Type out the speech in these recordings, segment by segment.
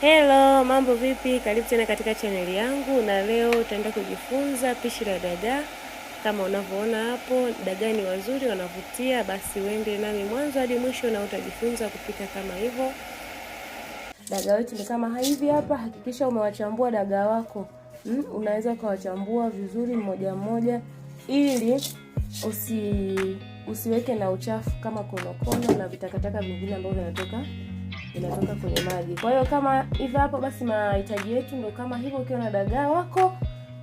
Hello, mambo vipi? Karibu tena katika chaneli yangu, na leo utaenda kujifunza pishi la dagaa. Kama unavyoona hapo, dagaa ni wazuri, wanavutia. Basi uende nami mwanzo hadi mwisho na utajifunza kupika kama hivyo. Dagaa wetu ni kama hivi hapa. Hakikisha umewachambua dagaa wako hmm? Unaweza ukawachambua vizuri mmoja mmoja, ili usi usiweke na uchafu kama konokono na vitakataka vingine ambavyo vinatoka inatoka kwenye maji kwa hiyo kama hivyo hapo basi mahitaji yetu ndo kama hivyo ukiwa na dagaa wako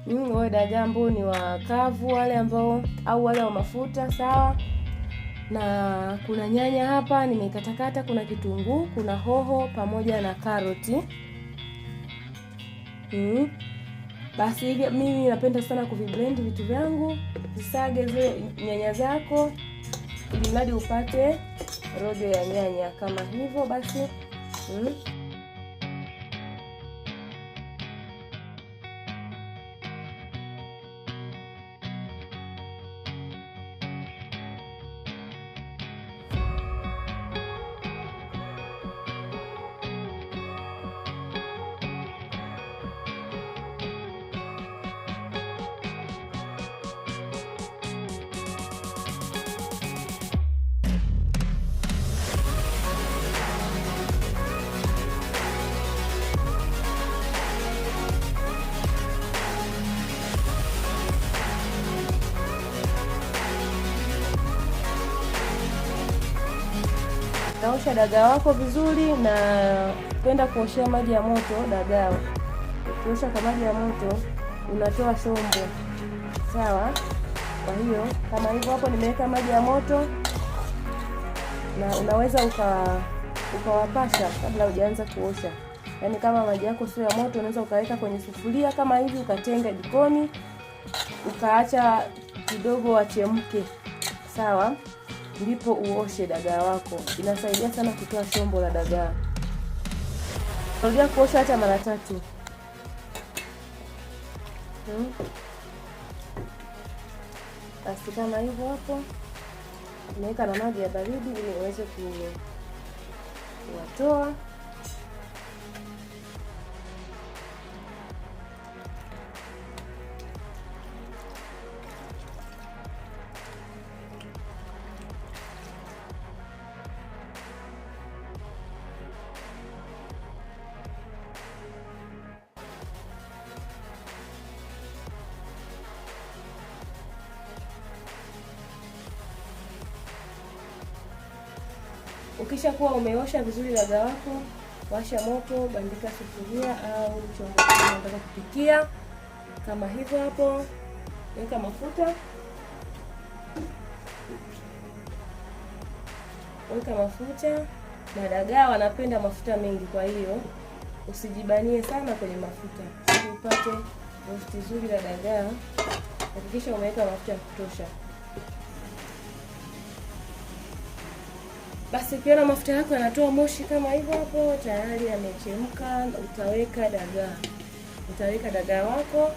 mm, wawe dagaa ambao ni wakavu wale ambao au wale wa mafuta sawa na kuna nyanya hapa nimeikatakata kuna kitunguu kuna hoho pamoja na karoti mm. basi hivi mimi napenda sana kuviblend vitu vyangu visage zile nyanya zako ili mradi upate rojo ya nyanya kama hivyo basi 嗯。naosha dagaa wako vizuri na kwenda kuoshea maji ya moto dagaa. Ukiosha kwa maji ya moto unatoa shombo, sawa? Kwa hiyo kama hivyo hapo nimeweka maji ya moto, na unaweza uka ukawapasha kabla hujaanza kuosha. Yaani kama maji yako sio ya moto, unaweza ukaweka kwenye sufuria kama hivi, ukatenga jikoni, ukaacha kidogo wachemke, sawa? ndipo uoshe dagaa wako. Inasaidia sana kutoa shombo la dagaa. Rudia kuosha hata mara tatu. Hmm. Basi kama hivyo hapo, naweka na maji ya baridi ili uweze kuwatoa. kuwa umeosha vizuri dagaa wako, washa moto, bandika sufuria au chombo unataka kupikia kama hivyo hapo. Weka mafuta, weka mafuta na dagaa wanapenda mafuta mengi, kwa hiyo usijibanie sana kwenye mafuta ili upate rosti zuri la dagaa. Hakikisha umeweka mafuta ya kutosha. Basi ukiona mafuta yako yanatoa moshi kama hivyo, hapo tayari yamechemka. Utaweka dagaa, utaweka dagaa wako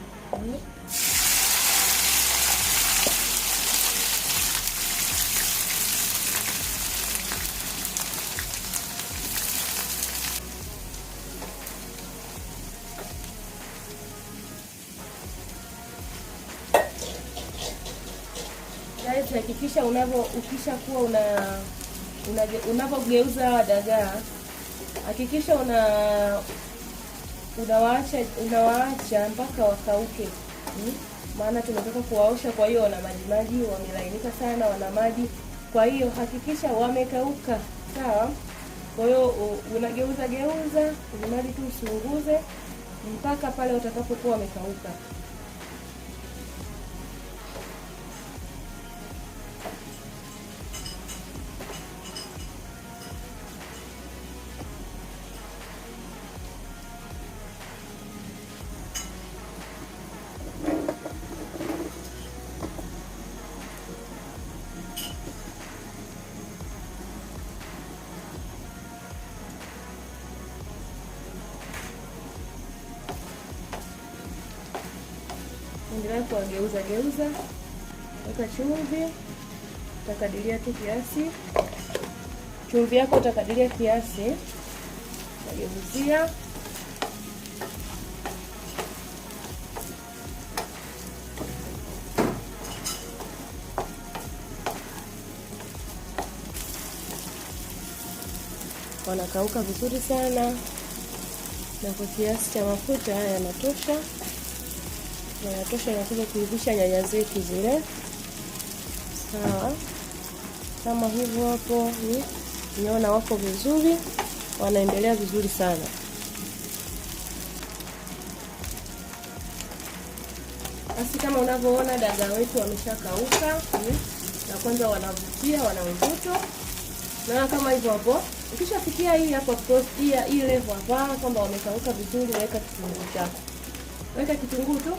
hakikisha unavyo ukisha kuwa una unapogeuza hawa dagaa hakikisha una unawaacha unawaacha mpaka wakauke hmm? Maana tunataka kuwaosha, kwa hiyo wana maji maji, wamelainika sana, wana maji. Kwa hiyo hakikisha wamekauka, sawa. Kwa hiyo unageuza geuza, ili tu usunguze mpaka pale watakapokuwa wamekauka. endelea kuwageuza geuza, weka chumvi, utakadiria tu kiasi. Chumvi yako utakadiria kiasi, utageuzia wanakauka vizuri sana, na kwa kiasi cha mafuta yanatosha yanatosha. Inakuja kuivisha nyanya zetu zile, sawa. Kama hivyo hapo, ni niona wako vizuri, wanaendelea vizuri sana. Basi kama unavyoona dagaa wetu wameshakauka na kwanza wanavutia, wana mvuto. na kama hivyo hapo. Ukishafikia hii hapo, hii level hapa, kwamba wamekauka vizuri, weka kitunguu chako, weka kitunguu tu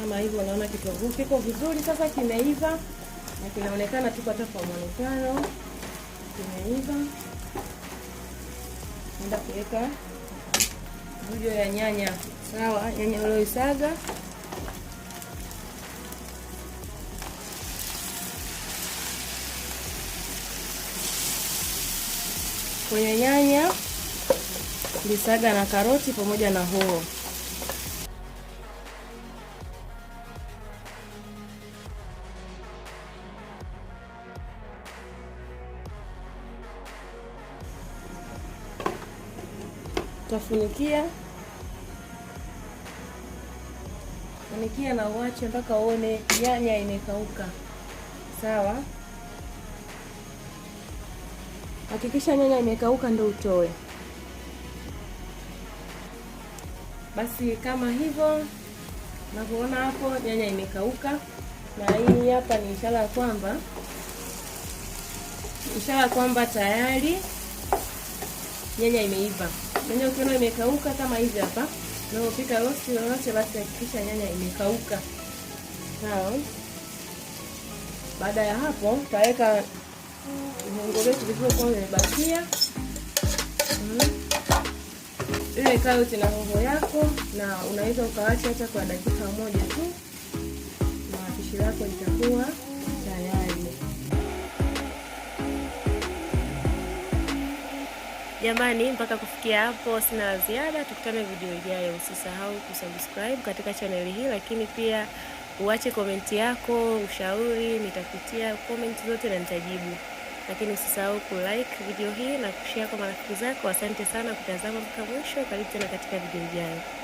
Kama hivyo unaona kitunguu kiko vizuri sasa, kimeiva na kinaonekana tuko hata kwa mwonekano kimeiva. Naenda kuweka rujo ya nyanya. Sawa, nyanya uliyoisaga kwenye nyanya lisaga na karoti pamoja na hoho utafunikia funikia na uache mpaka uone nyanya imekauka. Sawa, hakikisha nyanya imekauka ndo utoe. Basi kama hivyo nakuona hapo, nyanya imekauka, na hii hapa ni ishara kwamba ishara kwamba tayari nyanya imeiva. Nyanya ukiona imekauka kama hivi hapa, unapopika rosti lolote, basi hakikisha nyanya imekauka. Sawa. Baada ya hapo, taweka viungo vyetu vilivyokuwa vimebakia hmm. ile karoti na hoho yako, na unaweza ukaacha hata kwa dakika moja tu, na pishi lako litakuwa Jamani, mpaka kufikia hapo sina ziada, tukutane video ijayo. Usisahau kusubscribe katika chaneli hii, lakini pia uache komenti yako, ushauri. Nitapitia komenti zote na nitajibu, lakini usisahau kulike video hii na kushare kwa marafiki zako. Asante sana kutazama mpaka mwisho. Karibu tena katika video ijayo.